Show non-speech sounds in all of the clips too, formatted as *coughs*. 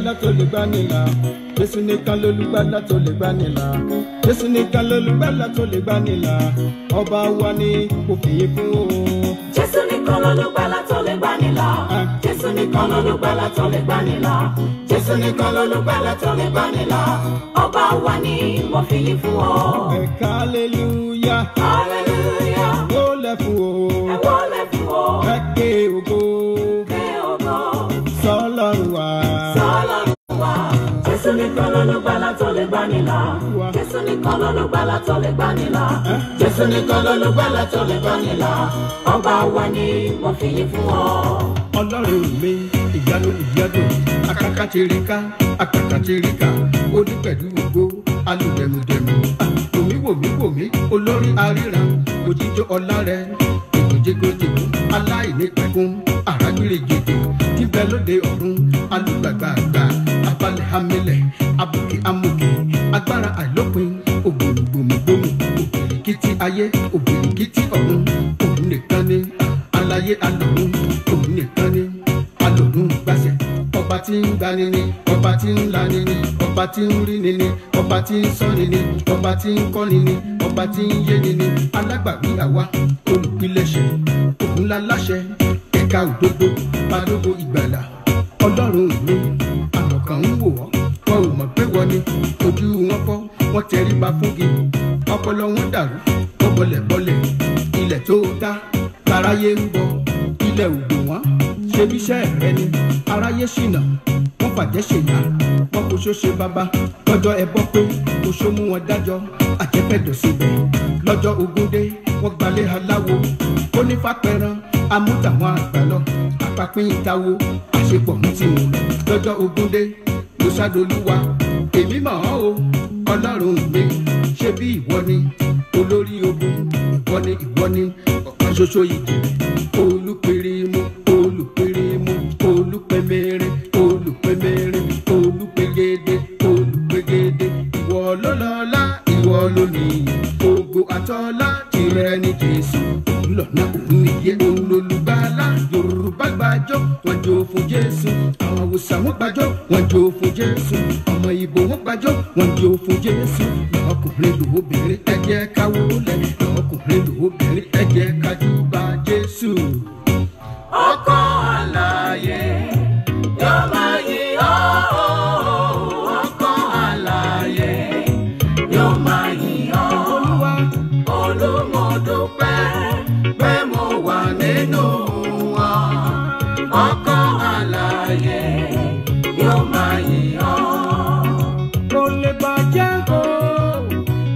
lólùgbàlà tó lè gbanilà jésù nìkan lólùgbàlà tó lè gbanilà jésù nìkan lólùgbàlà tó lè gbanilà ọba wa ni kò fìyè fún o. jésù nìkan lólùgbàlà tó lè gbanilà ah. jésù nìkan lólùgbàlà tó lè gbanilà jésù nìkan lólùgbàlà tó lè gbanilà ọba wa ni mo fìyè fún o. ẹ̀ka hallelujah. Ah. lè gbanilà jésù nìkan lọ́lùgbàlà tó lè gbanilà jésù nìkan lọ́lùgbàlà tó lè gbanilà ọba wa ni mo fi yìn fún ọ. ọlọ́run mi ìyanu ìyanu akaka ti rí ká akaka ti rí ká ó ní pẹ̀lú ògo alùdẹ̀mùdẹ̀mù wòmíwòmí olórí aríran òjijì ọlá rẹ ìgbòjìgbòjìgbò aláìnípẹ̀kun àrágbére jèjì níbẹ̀ lóde ọ̀run alùgbàgbàgbà balẹ̀ hamilẹ̀ abuki amuki agbára àìlópin ògùn gbòmùgbòmù òkìrìkìtì ayé òkìrìkìtì ọ̀run òun nìkan ni aláyé alòun òun nìkan ni alòun gbàṣẹ ọba tí ń gbani ni ọba tí ń lani ni ọba tí ń rí ni ni ọba tí ń sọ́ni ni ọba tí ń kọ́ni ni ọba tí ń yé ni ni alágbàwí àwa olùpilẹ̀ṣẹ̀ òun la ẹ̀ka òdodo balógun ìgbàlà ọlọ́run mi kan ń wò ọ́ wọn ò mọ̀ pé wọ́n ni ojú wọn fọ́ wọ́n tẹríba fúngi ọpọlọ wọn dàrú wọ́n bọlẹ̀ bọlẹ̀ ilẹ̀ tó dá láráyé ń bọ ilẹ̀ ògbò wọn ṣebíṣẹ́ rẹ ni aráyé ṣìnà wọ́n fàjẹ́ ṣèyá wọ́n kò ṣoṣe bàbá lọ́jọ́ ẹbọ pé kò ṣó mú wọn dájọ́ àjẹpẹ́dọ̀ síbẹ̀ lọ́jọ́ ogúndé wọ́n gbalẹ̀ aláwo ó ní fapẹ̀rán amúdàwọn àgbàlọ́ àpapín ìdáwó àṣepọ̀ ní ti wò lọ́jọ́ ogúndé ló ṣàdolúwa èmi mọ̀ ọ́ o ọlọ́run mi ṣe bí ìwọ ni olórí ogun ìwọ ni ìwọ ni ọ̀kan ṣoṣo ìkẹ̀rẹ̀. Jésù àwọn Haúsá wọn gbàjọ wọn jó fún Jésù ọmọ Ìgbò wọn gbàjọ wọn jó fún Jésù ọkùnrin lòóbì ayé yóò máa yìn ọ́. kò lè bàjẹ́ o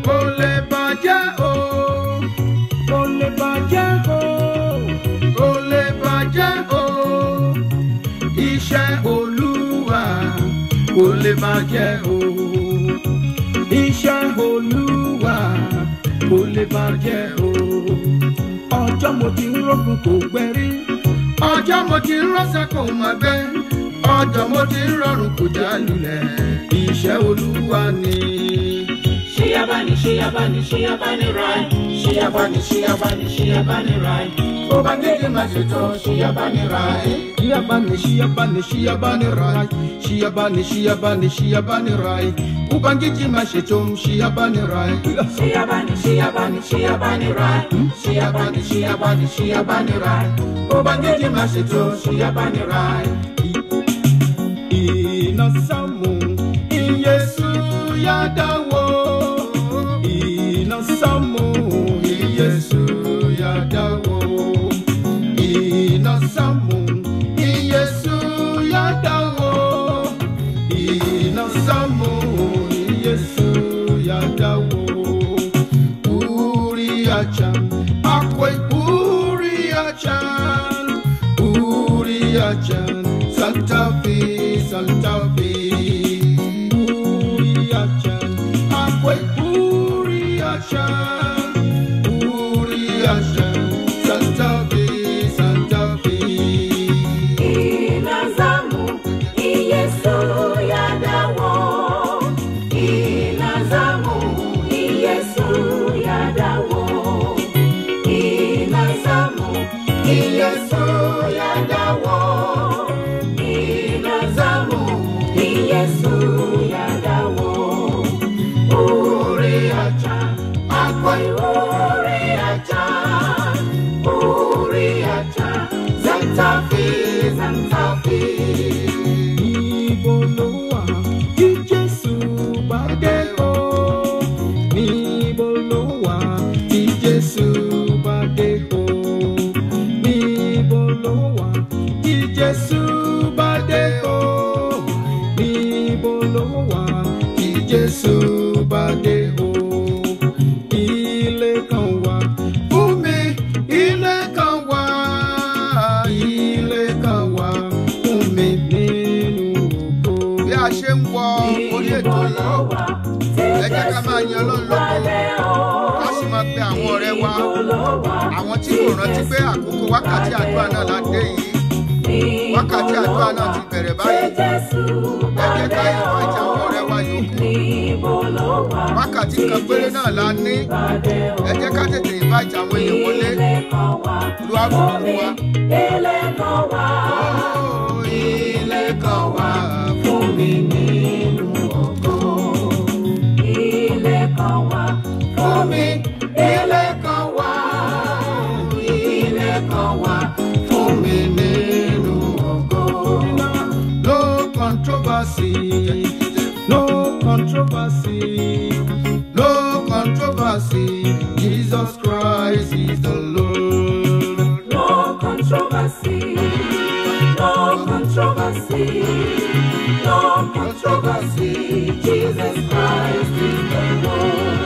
kò lè bàjẹ́ o kò lè bàjẹ́ o kò Olúwa kò lè bàjẹ́ o ọjọ́ mo ti ń rògùn kò gbẹ́rí ọjọ́ mo ti rọ́ṣà kò má bẹ́ ọjọ́ mo ti rọrùn kò já lulẹ̀ iṣẹ́ olúwa ni. ṣíyábáni ṣíyábáni ṣíyábáni ráì ṣíyábáni ṣíyábáni ṣíyábáni ráì ó bá délé máa ṣètò ṣíyábáni ráì. ṣíyábáni ṣíyábáni ṣíyábáni ráì ṣíyábáni ṣíyábáni ṣíyábáni ráì. kupangi chima shecho shiabani rai shiabani shiabani shiabani rai shiabani shiabani shiabani rai kupangi chima shecho shiabani rai ina samu in yesu ya yada pé àkókò wákàtí àdúrà náà la dé yìí wákàtí àdúrà náà ti bẹ̀rẹ̀ báyìí ẹ jẹ́ ká ìfàjà ọ̀rẹ́ wa yòókù wákàtí kan péré náà la ní ẹ ká tètè ìfàjà àwọn èèyàn wọlé lu àbùkù wa. Oh, ilé kan wà fún mi nínú. No controversy, Jesus Christ is the Lord. No controversy, no controversy, no controversy, Jesus Christ is the Lord.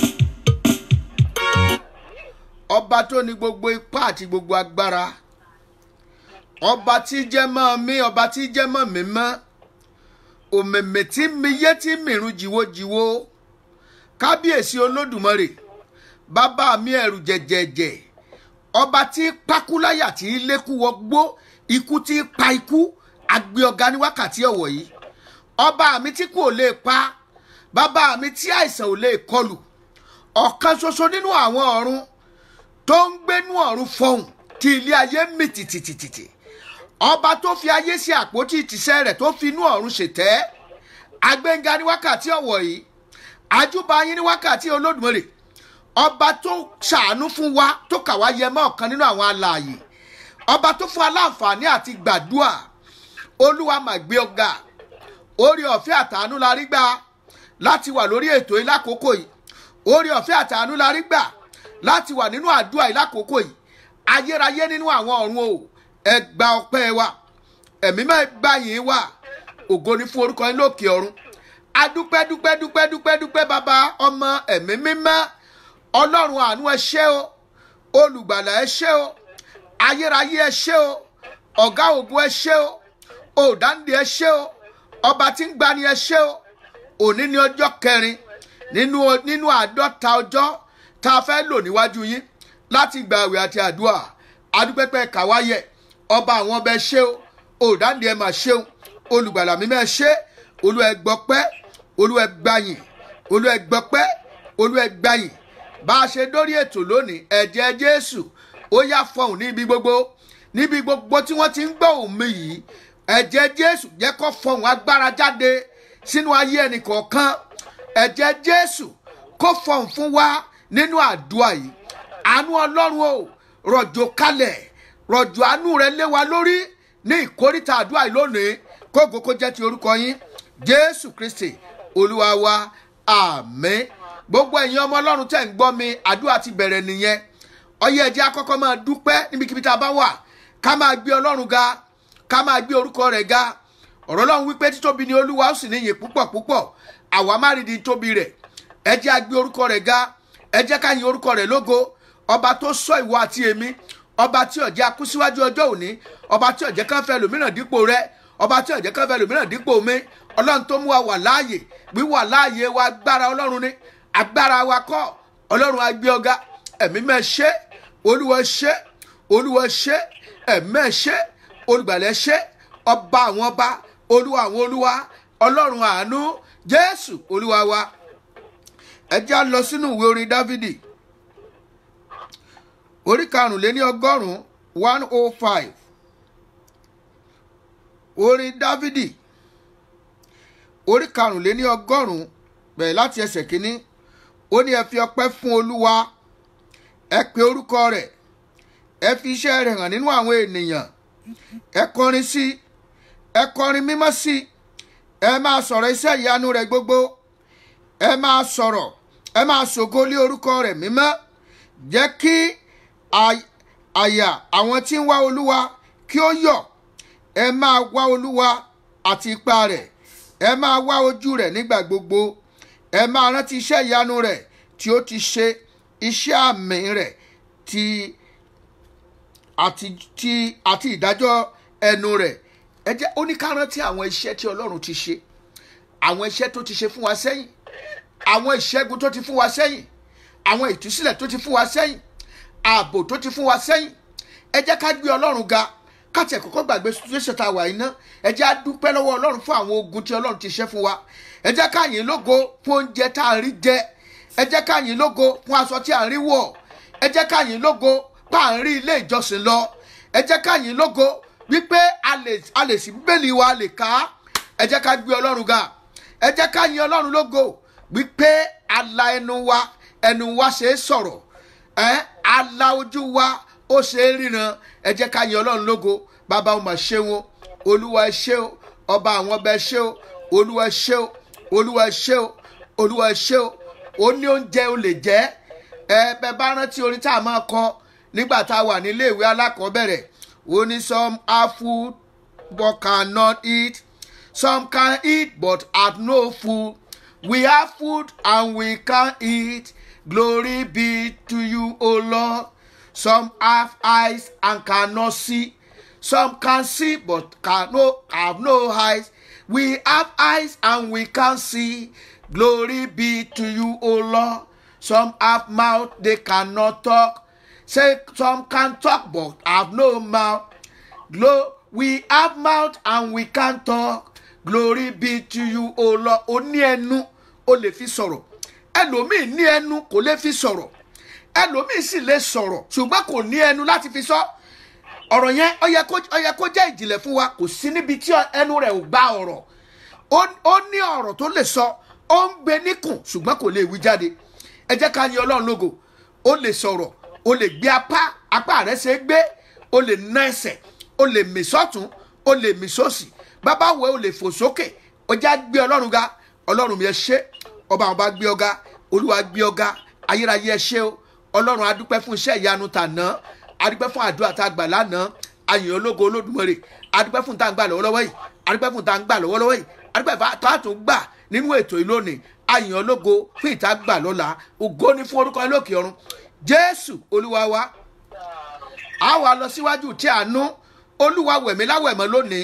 ọba tó ní gbogbo ipá àti gbogbo agbára ọba tí jẹ́ mọ́ mi ọba tí jẹ́ mọ́ mi mọ́ òmèmè tí mi yé tí mìíràn jìwójìwó kábíyèsí olódùmarè bàbá mi ẹ̀rù jẹ̀jẹ̀jẹ̀ ọba tí pákúláyà tí lékú wọgbó ikú tí pa ikú àgbẹ̀ ọ̀gá ní wákàtí ọ̀wọ̀ yìí ọba mi tí kò lè pa bàbá mi tí àìsàn ò lè kọlù ọ̀kan ṣoṣo nínú àwọn ọ̀run tó ń gbénú ọ̀run fọhùn tí ilé ayé mì tìtìtìtì ọba tó fi ayé sí àpótí ìtìsẹ́ rẹ̀ tó fi inú ọ̀run ṣètẹ́ agbẹ́ngà ní wákàtí ọ̀wọ̀ yìí àjúbà yín ní wákàtí olódùmarè ọba tó ṣàánú fún wa tó kà wá yẹ mọ́ ọ̀kan nínú àwọn alààyè ọba tó fún aláǹfààní àti gbàdúà olúwa mà gbé ọ̀gá orí ọ̀fẹ́ àtàánú la rí gbà láti wà lórí ètò yìí yìí orí ọ̀fẹ́ àtàánú la rí gbà láti wà nínú àdúrà yìí lákòókò yìí ayérayé nínú àwọn ọ̀run o ẹ gba wa ẹ̀mí máa gbà yín wá ògo ni fún orúkọ yín lókè ọ̀run adúpẹ́ dúpẹ́ dúpẹ́ dúpẹ́ dúpẹ́ bàbá ọmọ ẹ̀mí mímọ́ ọlọ́run àánú ẹ o olùgbàlà ẹ o ayérayé ẹ ṣé o ọ̀gá ògo ẹ o òdáǹdè ẹ ṣé o ọba tí ń gbani ẹ ṣé o òní ni ọjọ́ kẹrin nínú nínú àádọ́ta ọjọ́ tá a fẹ́ lò níwájú yín láti gba àwẹ̀ àti àdúrà adúpẹ́pẹ́ kàwáyẹ̀ ọba àwọn ọbẹ̀ ṣé o òdáǹdí ẹ̀ máa ṣé o olùgbàlà mímọ́ ẹ ṣé olúwa ẹ gbọ́pẹ́ olúwa ẹ gbàyìn olúwa ẹ gbọ́pẹ́ olúwa ẹ gbàyìn bá a ṣe dórí ètò lónìí ẹ̀jẹ̀ jésù ó yá fọhùn níbi gbogbo níbi gbogbo tí wọ́n ti ń gbọ́ òun mi yìí ẹ̀jẹ̀ jésù jẹ́ kó fọhùn agbára jáde sínú ayé ẹnì kọ̀ọ̀kan ẹ̀jẹ̀ jésù kó fọhùn fún wa nínú àdúrà yìí àánú ọlọ́run o rọ̀jò kalẹ̀ rọ̀jò àánú rẹ lé wa lórí ní ìkórìtà àdúrà yìí lónìí kóògó kó jẹ́ ti orúkọ yín jésù kristi olúwa wa àmín gbogbo ẹ̀yin ọmọ ọlọ́run tẹ̀ ń gbọ́ mi àdúrà ti bẹ̀rẹ̀ nìyẹn ọyẹ ẹ̀jẹ̀ akọ́kọ́ máa dúpẹ́ níbikíbi tá a bá wà ká máa gbé ọlọ́run ga ká máa gbé orúkọ rẹ̀ ga ọ̀rọ̀ ọlọ́run wípé títóbi ni olúwa ó sì níyìn púpọ̀ púpọ̀ àwa má rí di tóbi rẹ̀ ẹ̀jẹ̀ agbé orúkọ rẹ̀ ga ẹ jẹ́ ká yin orúkọ rẹ̀ lógo ọba tó sọ ìwọ àti èmi ọba tí ó jẹ́ akú síwájú ọjọ́ òní ọba tí ó kan fẹ́ lòmíràn dípò rẹ̀ ọba tí ó kan fẹ́ lòmíràn dípò mi ọlọ́run tó mú wa wà láàyè wíwà láàyè wa agbára ọlọ́run ni agbára wa kọ́ ọlọ́run agbé ọ̀gá ẹ̀mí mẹ́ ṣe olúwa ṣe olúwa ṣe ẹ̀mẹ́ ṣe olùgbàlẹ̀ ṣe ọba àwọn ọba olúwa àwọn olúwa ọlọ́run àánú jésù olúwa wa. ẹ já lọ sínú ìwé orin dávidi orí karùnléní ọgọ́rùn-ún one oh five orin dávidi orí karùnléní ọgọrùn ún bẹ̀rẹ̀ láti ẹsẹ̀ kínní ó ní ẹ fi ọpẹ́ fún olúwa ẹ pe orúkọ rẹ̀ ẹ fi iṣẹ́ rẹ̀ hàn nínú àwọn ènìyàn ẹ kọrin sí ẹ kọrin mímọ́ sí ẹ máa sọ̀rọ̀ iṣẹ́ ìyanu rẹ̀ gbogbo ẹ máa sọ̀rọ̀ ẹ máa ṣògo lé orúkọ rẹ̀ mímọ́ jẹ́ kí àyà àwọn tí ń wá olúwa kí ó yọ̀ ẹ máa wá olúwa àti ipa rẹ̀ ẹ máa wá ojú rẹ̀ nígbà gbogbo ẹ máa rántí iṣẹ́ ìyanu rẹ̀ tí ó ti ṣe iṣẹ́ àmì rẹ̀ ti àti ti ẹnu rẹ̀ ẹ jẹ́ ó àwọn iṣẹ́ tí Ọlọ́run ti ṣe àwọn iṣẹ́ tó ti ṣe fún wa sẹ́yìn àwọn ìṣẹ́gun tó ti fún wa sẹ́yìn àwọn ìtúsílẹ̀ tó ti fún wa sẹ́yìn ààbò tó ti fún wa sẹ́yìn ẹ jẹ́ ká gbé ọlọ́run ga káàtì ẹ̀kọ́kọ́ gbàgbé situation tá a wà iná ẹ jẹ́ á dúpẹ́ lọ́wọ́ ọlọ́run fún àwọn ogun tí ọlọ́run ti ṣẹ́ fún wa ẹ jẹ́ ká yìn lógo fún oúnjẹ tá a rí jẹ ẹ jẹ́ ká yìn lógo fún aṣọ tí a rí wọ̀ ẹ jẹ́ ká yìn lógo pa à ń rí ilé ìjọsìn lọ ẹ jẹ́ ká yìn lógo wípé a lè sí bíbélì wa lè ká ẹ jẹ́ ká gbé ọlọ́run ga ẹ jẹ́ ká yìn ọlọ́run lógo wípé ala ẹnu wa ẹnu wa ṣe é sọ̀rọ̀ ẹ́ ala ojú wa ó ṣe é ríran ẹ jẹ́ ká yin ọlọ́run lógo bàbá ọmọ ṣe wọn olúwa ṣe o ọba àwọn ọba ṣe o olúwa ṣe o olúwa ṣe o olúwa ṣe o ó ní oúnjẹ o lè jẹ ẹ bẹ bá rántí orin tá a máa kọ nígbà tá a wà nílé ìwé alákọ̀ọ́bẹ̀rẹ̀ ó ní some have food but cannot eat some can eat but have no food We have food and we can eat. Glory be to you, O Lord. Some have eyes and cannot see. Some can see but can no, have no eyes. We have eyes and we can see. Glory be to you, O Lord. Some have mouth, they cannot talk. Say some can talk but have no mouth. Glo- we have mouth and we can talk glory be to you o lọ o ní ẹnu o lè fi sọ̀rọ̀ ẹlòmíì ní ẹnu kò lè fi sọ̀rọ̀ ẹlòmíì sì lè sọ̀rọ̀ ṣùgbọ́n kò ní ẹnu láti fi sọ ọ̀rọ̀ yẹn ó yẹ kó jẹ́ ìjìnlẹ̀ fún wa kò sí níbi tí ẹnu rẹ̀ ò gba ọ̀rọ̀ ó ní ọ̀rọ̀ tó lè sọ ó ń gbé níkùn ṣùgbọ́n kò lè wí jáde ẹ jẹ́ ká yin ọlọ́run lógo ó lè sọ̀rọ̀ ó lè gbé apá apá rẹ̀ ṣe é gbé ó lè ná ẹsẹ̀ ó lè mì ó lè mì sósì bàbá wo ò lè fò sókè ọjà gbé ọlọ́run ga ọlọ́run mi ẹ ṣé ọba àwọn bá gbé ọ̀gá olúwa gbé ọ̀gá ayérayé ẹ ṣé o ọlọ́run adúpẹ́ fún iṣẹ́ ìyanu tàná adúpẹ́ fún àdúrà tá a gbà lánàá àyìn ológo olódùmarè adúpẹ́ fún tá a gbà lọ́wọ́lọ́wọ́ yìí adúpẹ́ fún tá a gbà lọ́wọ́lọ́wọ́ yìí adúpẹ́ fún a tún gbà nínú ètò yìí lónìí àyìn ológo fún ìta gbà lọ́la ògo ni fún orúkọ lókè ọ̀run jésù olúwa wa a wà lọ síwájú tí àánú olúwa wẹ̀mí láwẹ̀mọ́ lónìí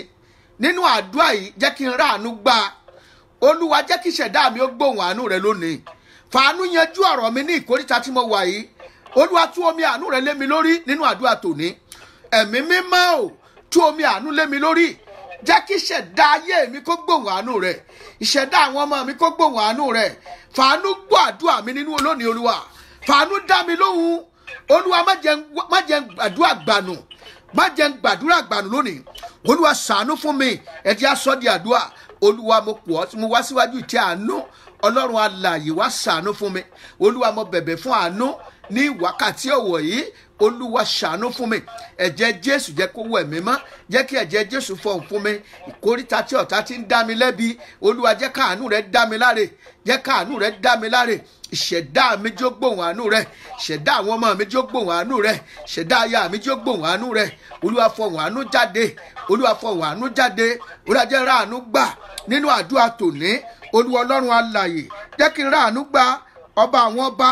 nínú àdúrà yìí jẹ́ kí n ráàánú gbà olúwa jẹ́ kí ìṣẹ̀dá mi ó gbóhùn àánú rẹ lónìí fàánú yanjú ọ̀rọ̀ mi ní ìkóríta tí mo wà yìí olúwa tú omi àánú rẹ lé mi lórí nínú àdúrà tòní ẹ̀mí mímọ́ o tú omi àánú lé mi lórí jẹ́ kí ìṣẹ̀dá ayé mi kó gbóhùn àánú rẹ ìṣẹ̀dá àwọn ọmọ mi kó gbóhùn àánú rẹ fàánú gbọ́ àdúrà mi nínú olónìí olúwa fàánú dá mi lóhùn olúwa má jẹ́ má jẹ́ gbàdúrà gbànú lónìí olúwa ṣàánú fún mi ẹ jẹ́ á sọ di àdúrà olúwa mo pọ̀ ọ́ mo wá síwájú ìtẹ́ àánú ọlọ́run alààyè wá ṣàánú fún mi olúwa mo bẹ̀bẹ̀ fún àánú ní wákàtí ọ̀wọ̀ yìí olúwa ṣàánú fún mi ẹ̀jẹ̀ jésù jẹ́ kó wẹ̀ mí mọ́ jẹ́ kí ẹ̀jẹ̀ jésù fọhùn fún mi ìkórìtà tí ọ̀tá ti ń dá mi lẹ́bi olúwa jẹ́ káàánú rẹ dá mi láre jẹ́ káàánú rẹ dá mi láre ṣẹ̀dá mi jó gbòhùn àánú rẹ̀ ṣẹ̀dá àwọn ọmọ mi jó gbòhùn àánú rẹ̀ ṣẹ̀dá aya mi jó gbòhùn àánú rẹ̀ olúwa fọhùn àánú jáde olúwa fọhùn àánú jáde olùdájẹ́ ra àánú gbà nínú àdúrà tòní olúwa ọlọ́run alààyè jẹ́ kí n ra àánú gbà ọba àwọn ọba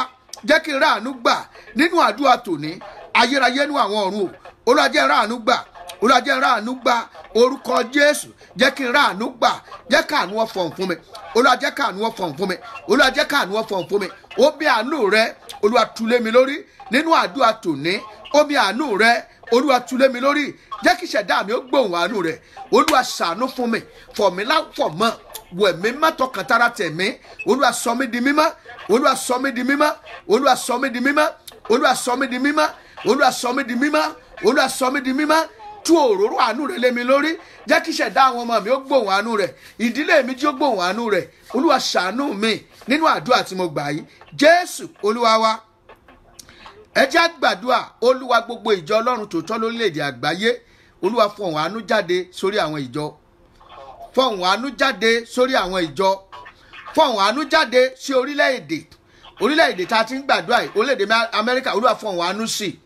jẹ́ kí n ra àánú gbà nínú àdúrà tòní ayérayé nínú àwọn ọ̀run olùdájẹ́ ra àánú gbà olúwa jẹ́ ra àánú gbà orúkọ jésù jẹ́ kí n ra àánú gbà jẹ́ káànú ọ̀fọ̀n fún mi olúwa jẹ́ káànú ọ̀fọ̀n fún mi olúwa jẹ́ káànú ọ̀fọ̀n fún mi ó bí àánú rẹ olúwa tulé mi lórí nínú àdúrà tòní ó bí àánú rẹ olúwa tulé mi lórí jẹ́ kí ìṣẹ̀dá mi ó gbóhùn àánú rẹ̀ olúwa ṣàánú fún mi fọ̀ mí láfọ̀ mọ́ wẹ̀ mí má tọkàn tara tẹ̀mí olúwa sọ mí di mímọ́ olúwa sọ mí di mímọ́ olúwa sọ mí di mímọ́ olúwa sọ mí di mímọ́ olúwa sọ mí di mímọ́ olúwa sọ mí di mímọ́ tú òróró àánú rẹ lé mi lórí jẹ́ kí ṣẹ̀dá àwọn ọmọ mi ó gbóhùn àánú rẹ ìdílé mi tí ó gbóhùn àánú rẹ olúwa ṣàánú mi nínú àdúrà tí mo gbà yìí jésù olúwa wa ẹ jẹ́ àgbàdua olúwa gbogbo ìjọ ọlọ́run tòótọ́ lórílẹ̀‐èdè àgbáyé olúwa fọ̀hún àánú jáde sórí àwọn ìjọ fọ̀hún àánú jáde sórí àwọn ìjọ fọ̀hún àánú jáde sí orílẹ̀-èdè tá a ti ń gbàdúrà yìí orílẹ̀-èdè olúwa fọ̀hún àánú sí i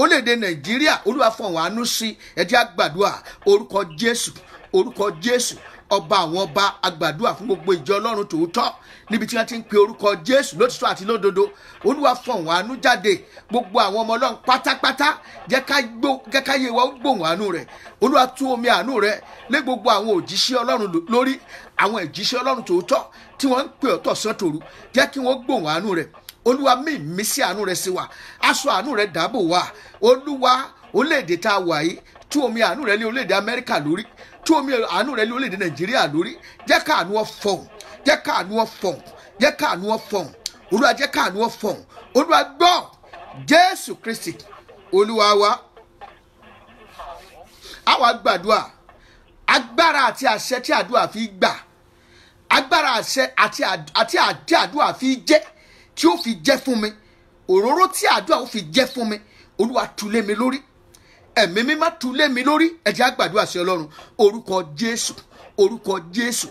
orílẹ̀-èdè nàìjíríà olúwa fọ̀n wàánú sí ẹ jẹ́ àgbàdua orúkọ jésù orúkọ jésù ọba àwọn ọba àgbàdua fún gbogbo ìjọ ọlọ́run tòótọ́ níbi tí wọ́n ti ń pe orúkọ jésù lótìtọ́ àti lódodo olúwa fọ̀n wàánú jáde gbogbo àwọn ọmọ ọlọ́run pátápátá jẹ́ ká yé wa ó gbòhùn àánú rẹ̀ olúwa tú omi àánú rẹ̀ lé gbogbo àwọn òjíṣẹ́ ọlọ́run lórí àwọn ìjíṣẹ́ ọlọ́run tòótọ́ tí wọ́n ń pè ọ́ tọ̀sán tòru jẹ́ kí wọ́n gbòhùn àánú rẹ̀ olúwa mí mí sí àánú rẹ sí wa aṣọ àánú rẹ dáàbò wa olúwa orílẹ̀-èdè tá a wà yìí tú omi àánú rẹ lé orílẹ̀-èdè amẹ́ríkà lórí tú omi àánú rẹ lé orílẹ̀-èdè nàìjíríà lórí jẹ́ káànú ọ fọ̀hún jẹ́ káànú ọ fọ̀hún jẹ́ káànú ọ fọ̀hún olúwa jẹ́ káànú ọ fọ̀hún olúwa gbọ́ jésù kristi olúwa wa àwa gbàdúrà agbára àti àṣẹ tí àdúrà fi gbà agbára àṣẹ àti àdúrà fi jẹ́ tí ó fi jẹ́ fún mi òróró tí àdúrà ó fi jẹ́ fún mi olúwa tulé mi lórí ẹ̀mí mímá tulé mi lórí ẹ jẹ́ a gbàdúrà sí ọlọ́run orúkọ jésù orúkọ jésù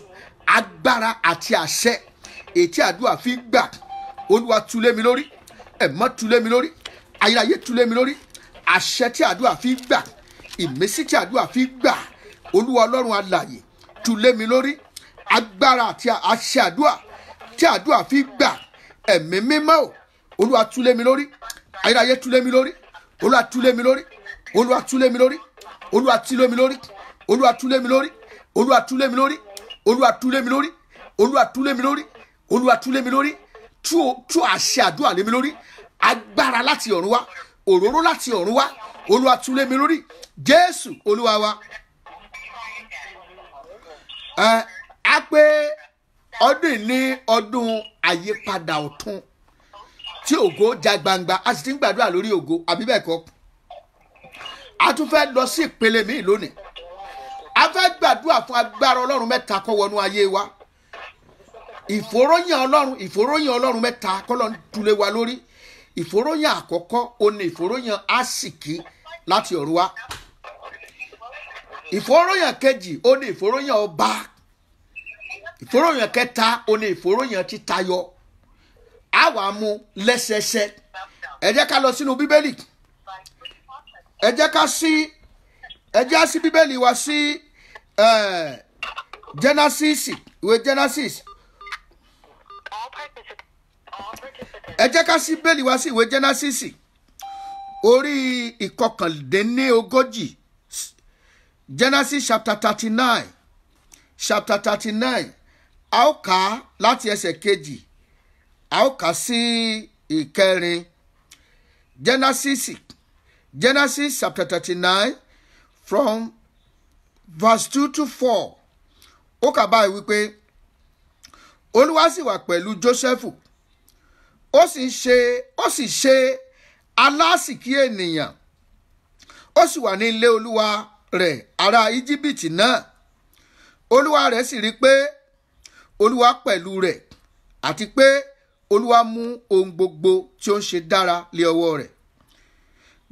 agbára àti àṣẹ ètí àdúrà fi gbà olúwa tulé mi lórí ẹ̀mọ́ tulé mi lórí ayérayé tulé mi lórí àṣẹ tí àdúrà fi gbà ìmísí tí àdúrà fi gbà olúwa ọlọ́run alààyè tulé mi lórí agbára àti àṣẹ àdúrà tí àdúrà fi gbà ẹ̀mí mímọ́ o olúwa túlé mi lórí ayérayé túlé mi lórí olúwa túlé mi lórí olúwa túlé mi lórí olúwa túlé mi lórí olúwa túlé mi lórí olúwa túlé mi lórí olúwa túlé mi lórí olúwa túlé mi lórí olúwa túlé mi lórí tú àṣẹ àdúrà lé mi lórí agbára láti ọ̀run wá òróró láti ọ̀run wá olúwa túlé mi lórí jésù olúwa wa. ẹ á pé ọdún ní ọdún àyípadà ọ̀tun tí ògo já gbangba a sì ti ń gbàdúrà lórí ògo àbí bẹ́ẹ̀ kọ́ a tún fẹ́ lọ sí ìpele míì lónìí a fẹ́ gbàdúrà fún agbára ọlọ́run mẹ́ta kó wọnú ayé wa ìfòròyìn ọlọ́run ìfòròyìn ọlọ́run mẹ́ta kọ́lọ́ ń dúlé wa lórí ìfòròyìn àkọ́kọ́ ó ní ìfòròyìn àsìkí láti ọ̀run wá ìfòròyìn kejì ó ní ìfòròyìn ọba ìfòròyìn kẹta ó ní ìfòròyìn ti tayọ á wà á mú lẹ́sẹẹsẹ ẹ jẹ́ ká lọ sínú bíbélì ẹ jẹ́ ká sí ẹ jẹ́ sí bíbélì wa sí Genesis ìwé Genesis ẹ jẹ́ ká sí bíbélì wa sí ìwé Genesis orí ìkọkàndínlógójì Genesis chapter thirty nine chapter thirty nine a ó kà á láti ẹsẹ̀ kejì a ó kà á sí genesis genesis chapter thirty from verse two to four ó kà báyìí wípé olúwa sì wà pẹ̀lú joseph ó sì ṣe ó sì ṣe alásìkí ènìyàn ó sì wà ní ilé olúwa rẹ̀ ará íjíbítì náà olúwa rẹ̀ sì olúwa pẹ̀lú rẹ̀ àti pé olúwa mú ohun gbogbo tí ó ń ṣe dára lé ọwọ́ rẹ̀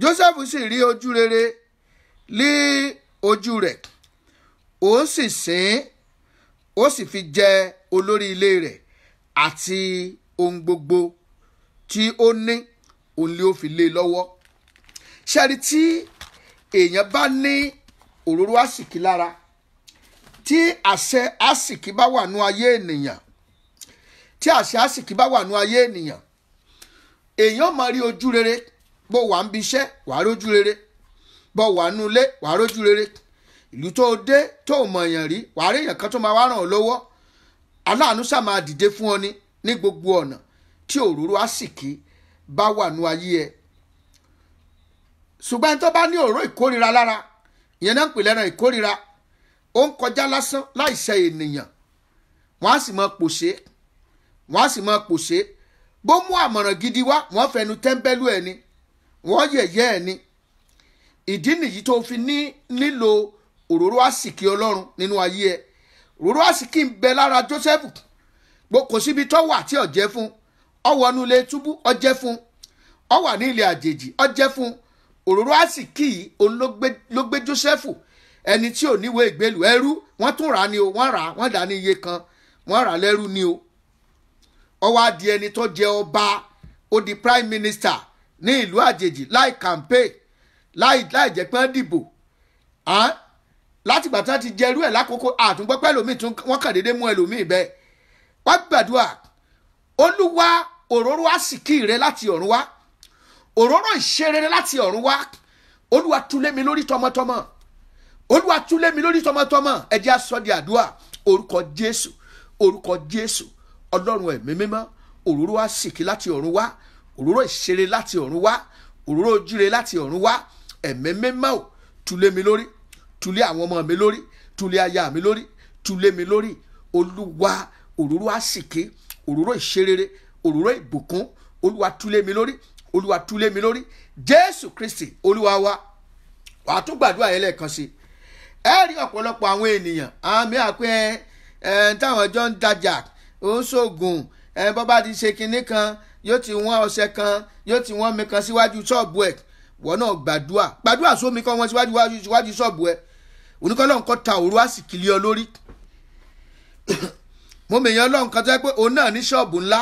joseph sì rí ojú rere lí ojú rẹ̀ òun sì sìn ó sì fi jẹ olórí ilé rẹ̀ àti ohun gbogbo tí ó ní òun lé fi lé e lọ́wọ́ ṣẹ́ni tí èèyàn bá ní òróró àsìkí lára tí àṣẹ àsìkí bá wà nú ayé ènìyàn tí àṣẹ àsìkí bá wà nú ayé ènìyàn èèyàn máa rí ojú rere bó wà ń bíṣẹ́ wàá rójú rere bó wà nú ilé wàá rójú rere ìlú tó dé tó mọ̀ èèyàn rí wàá rí èèyàn kan tó máa wá ràn ọ́ lọ́wọ́ aláàánú sá máa dìde fún ọ ni ní gbogbo ọ̀nà tí òróró àsìkí bá wà nú ayé ẹ ṣùgbọ́n tó bá ní òróró ìkórira lára ìyẹn náà ń pè lẹ́ran ìkórira ó ń kọjá lásán láìṣe ènìyàn wọ́n á sì máa pòṣé wọ́n á sì máa pòṣé bó mú àmọ̀ràn gidi wá wọ́n fẹnu tẹ́ńbẹ́lú ẹ̀ ni wọ́n yẹ̀yẹ́ ẹ̀ ni ìdí nìyí tó fi ní nílò òróró àsìkí ọlọ́run nínú ayé ẹ̀ òróró àsìkí ń bẹ lára Joseph kò síbi tó wà tí ọ̀jẹ́ fún ó wọnú ilé túbú ọ̀jẹ́ fún ó ní ilé àjèjì ọ̀jẹ́ fún òróró àsìkí òun ló gbé Joseph ẹni tí ò níwèé ìgbélú ẹrú wọ́n tún rà á ni o wọ́n rà á wọ́n dà ní iye kan wọ́n rà á ni o ó wá ẹni tó jẹ ọba ó di prime minister ní ìlú àjèjì láì campaign láì láì jẹ́ pé wọ́n dìbò látìgbà tí wọ́n ti jẹ́rú ẹ̀ lákòókò àtúngbọ́pẹ́ ẹlòmíì tún wọ́n kàn déédéé mú ẹlòmíì bẹ́ẹ̀ wọ́n gbàdúrà olúwa òróró àsìkí rẹ láti ọ̀run wá òróró ìṣerere láti ọ̀run wá olúwa túlẹ̀ mi lórí tọmọtọmọ olúwa túlé mi lórí tọmọtọmọ ẹ jẹ́ di àdúrà orúkọ jésù orúkọ jésù ọlọ́run ẹ̀mí mímọ́ òróró àsìkí láti ọ̀run wá òróró ìṣeré láti ọ̀run wá òróró ojúre láti ọ̀run wá ẹ̀mí mímọ́ ò túlé mi lórí túlé àwọn ọmọ mi lórí túlé aya mi lórí túlé mi lórí olúwa òróró àsìkí òróró ìṣerere òróró ìbùkún olúwa túlé mi lórí olúwa túlé mi lórí jésù kristi olúwa wa wàá tún gbàdúrà yẹn lẹ́ẹ̀kan sí i ẹ rí ọ̀pọ̀lọpọ̀ àwọn ènìyàn àwọn mìíràn pé ẹ táwọn jọ ń dajà ó ń ṣoògùn ẹ bọ́ bá ti ṣe kinní kan yóò ti wọ́n ọṣẹ kan yóò ti wọ́n mi kan síwájú ṣọ́ọ̀bù ẹ̀ wọ́n náà gbàdúrà gbàdúrà sómi kan wọ́n síwájú ṣọ́ọ̀bù ẹ̀ oníkọ́lọ́ nǹkan ta òru á sì kìlì ọ lórí *coughs* mo mèèyàn lọ́n kan tó yẹ pé òun náà ní ṣọ́ọ̀bù ńlá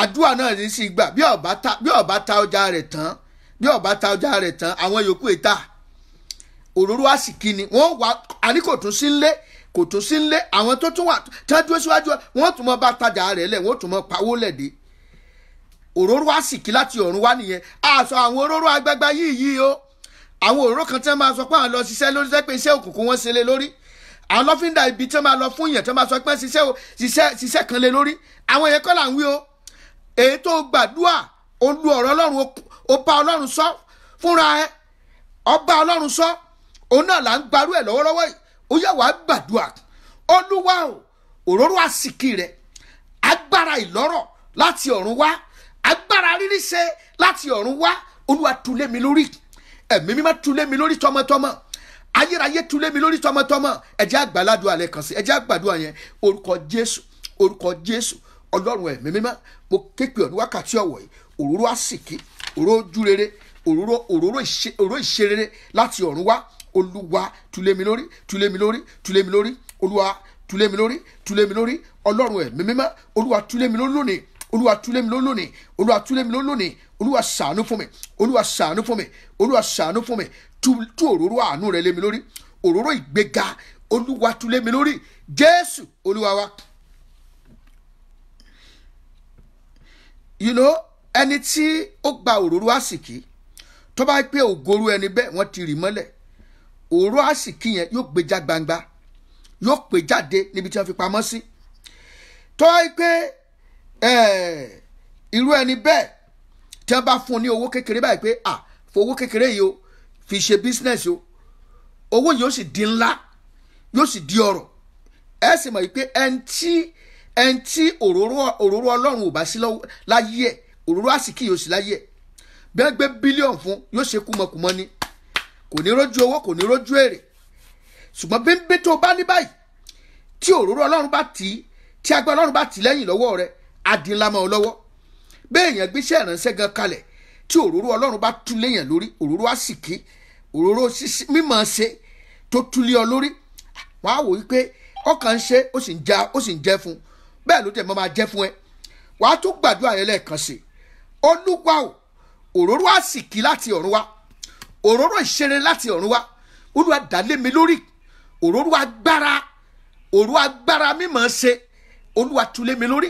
àdúrà náà ní sí gbà bí ọba ta ọjà rẹ̀ tán bí ọba ta ọjà rẹ̀ tán àwọn yòókù èta. E òróró àsìkí ni wọ́n wà àní kò tún sí nlé kò tún sí nlé àwọn tó tún wà tán dúró síwájú wọ́n tún mọ bá tajà rẹ̀ lẹ̀ wọ́n tún mọ pawó lẹ̀ dé òróró àsìkí láti ọ̀run wá nìyẹn àṣọ àwọn òróró agbágbá yìí yìí o àwọn òróró kan tí wọ́n máa sọ pé àwọn lọ ṣiṣẹ́ lórí sẹ́pẹ́ iṣẹ́ òkùnkùn wọn ṣe lé lórí àwọn lọ́fíńdà ibi tí wọ́n máa lọ fún yẹn tí wọ́n máa sọ pé ṣiṣẹ́ ṣiṣẹ́ ṣiṣẹ́ kan lé lórí àwọn yẹn kọ́ là ń wí o èyí tó gbàdúrà olú ọ̀rọ̀ ọlọ́run ó bá ọlọ́run sọ fúnra ẹ ọba ọlọ́run sọ òun náà là ń gbarú ẹ̀ lọ́wọ́lọ́wọ́ yìí ó yẹ wàá gbàdúrà olúwa o òróró àsìkí rẹ agbára ìlọ́rọ̀ láti ọ̀run wá agbára rírí ṣe láti ọ̀run wá olúwa tulé mi lórí ẹ̀mí mímọ́ tulé mi lórí tọmọtọmọ ayérayé tulé mi lórí tọmọtọmọ ẹ jẹ́ àgbàládùn alẹ́ kan sí ẹ jẹ́ àgbàdùn àyẹn orúkọ jésù orúkọ jésù ọlọ́run ẹ̀mí mímọ́ mo képe ọ̀nù wákàtí ọ̀wọ̀ yìí òróró àsìkí òróró ojúrere òróró òróró ìṣerere láti ọ̀run wá olúwa tulémi lórí tulémi lórí tulémi lórí olúwa tulémi lórí tulémi lórí ọlọ́run ẹ̀mí mímọ́ olúwa tulémi lórí lónìí olúwa tulémi lórí lónìí olúwa tulémi lórí lónìí olúwa ṣàánú fún mi olúwa ṣàánú fún mi olúwa ṣàánú fún mi tú òróró àánú rẹ lémi lórí òróró ìgbéga olúwa tulémi lórí jésù olúwa wa. you know ẹni tí ó gba òróró àsìkí tó bá pé ògoru ẹni bẹ́ẹ̀ wọ́n ti rì mọ́lẹ̀ òró àsìkí yẹn yóò gbé já gbangba yóò pè jáde níbi tí wọ́n fi pamọ́ sí tọ́ ẹ pé irú ẹni bẹ́ẹ̀ tí wọ́n bá fún un ní owó kékeré báyìí pé à fowó kékeré yìí o fi ṣe business o owó yìí ó sì di ńlá yóò sì di ọ̀rọ̀ ẹ sì mọ̀ pé ẹntì ẹntì òróró òróró ọlọ́run ò bá sí láyé ẹ̀ òróró àsìkí yìí ò sí láyé ẹ̀ bẹ́ẹ̀ gbé bílíọ̀nù fún yóò ṣe kúmọkùmọ ni kò ní rójú owó kò ní rójú èrè ṣùgbọ́n bíbí tó bá ní báyìí tí òróró ọlọ́run bá tì í tí agbára ọlọ́run bá tì lẹ́yìn lọ́wọ́ rẹ adínlámọ́ ọ lọ́wọ́ béèyàn gbéṣẹ́ ìránṣẹ́ gan kalẹ̀ tí òróró ọlọ́run bá tú léyàn lórí òróró àsìkí òróró mímọ̀ ṣe tó tú lé ọ lórí wọ́n á wò yí pé ọkàn ń ṣe ó sì ń ja ó sì ń jẹ́ fún bẹ́ẹ̀ ló tẹ̀ mọ́ máa jẹ́ fún ẹ wàá tún gbàdúrà yẹn lẹ́ẹ̀kan sí olúwa o òróró àsìkí láti ọ̀run wá òróró ìṣeré láti ọ̀run wá olúwa dálé mi lórí òróró agbára òróró agbára mímọ́ ṣe olúwa tulé mi lórí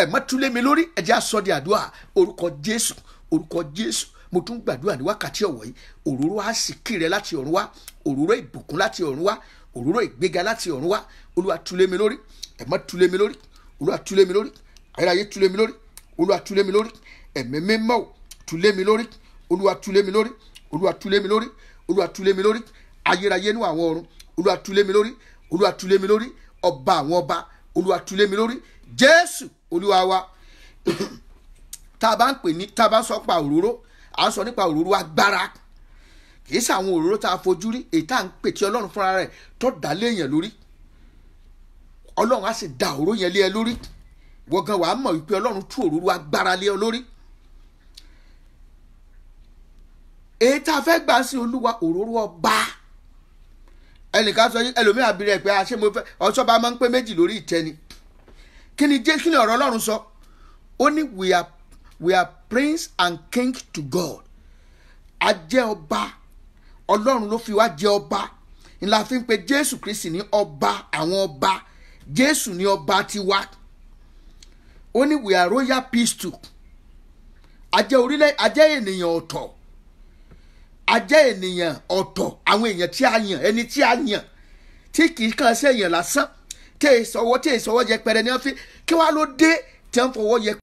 ẹ̀mọ́ tulé mi lórí ẹ̀jẹ̀ àsọdí àdúrà orúkọ jésù orúkọ jésù mo tún gbàdúrà ní wákàtí ọ̀wọ́ yìí òróró àsìkí rẹ láti ọ̀run wá òróró ìbùkún láti ọ̀run wá òróró ìgbéga láti ọ̀run wá olúwa tulé mi lórí ẹ̀mọ́ tulé mi lórí olúwa tulé mi lórí ayérayé tulé mi lórí olúwa tulé mi lórí ẹ̀mí mímọ́ tulé mi lórí olúwa tulé mi lórí olúwa túlé mi lórí olúwa túlé mi lórí ayérayé nínú àwọn ọ̀run olúwa túlé mi lórí olúwa túlé mi lórí ọba àwọn ọba olúwa lórí jésù olúwa tá a *clears throat* bá ń pè ní tá a bá sọ pa òróró à ń sọ nípa òróró agbára kì í ṣe àwọn òróró tá a fojú rí èyí tá à ń pè tí ọlọ́run fúnra rẹ̀ tó dá léèyàn lórí ọlọ́run á sì da òróró yẹn lé ẹ lórí wọ́n gan wàá mọ̀ wípé ọlọ́run tú òróró agbára lé ọ lórí èyí tá a fẹ́ gbà sí olúwa òróró ọba ẹnìkan sọ ẹlòmíràn abirẹ pé àṣẹ mo fẹ́ ọ̀ṣọ́ba máa ń pé méjì lórí ìtẹ́ kí ni jésù ní ọ̀rọ̀ ọlọ́run sọ ó ní we are we are prince and king to God a jẹ́ ọba ọlọ́run ló fi wá jẹ́ ọba ńlá fi ń pe jésù kristi ní ọba àwọn ọba jésù ní ọba tiwa ó ní we are royal priesthood a jẹ́ orílẹ̀ a jẹ́ ènìyàn ọ̀tọ̀ a jẹ́ ènìyàn ọ̀tọ̀ àwọn èèyàn tí a yàn ẹni tí a yàn tí kì í kàn ṣe èèyàn lásán tí èsọwọ́ tí èsọwọ́ yẹpẹrẹ ni wọ́n kí wọ́n ló dé tí wọ́n fọwọ́ yẹpẹrẹ.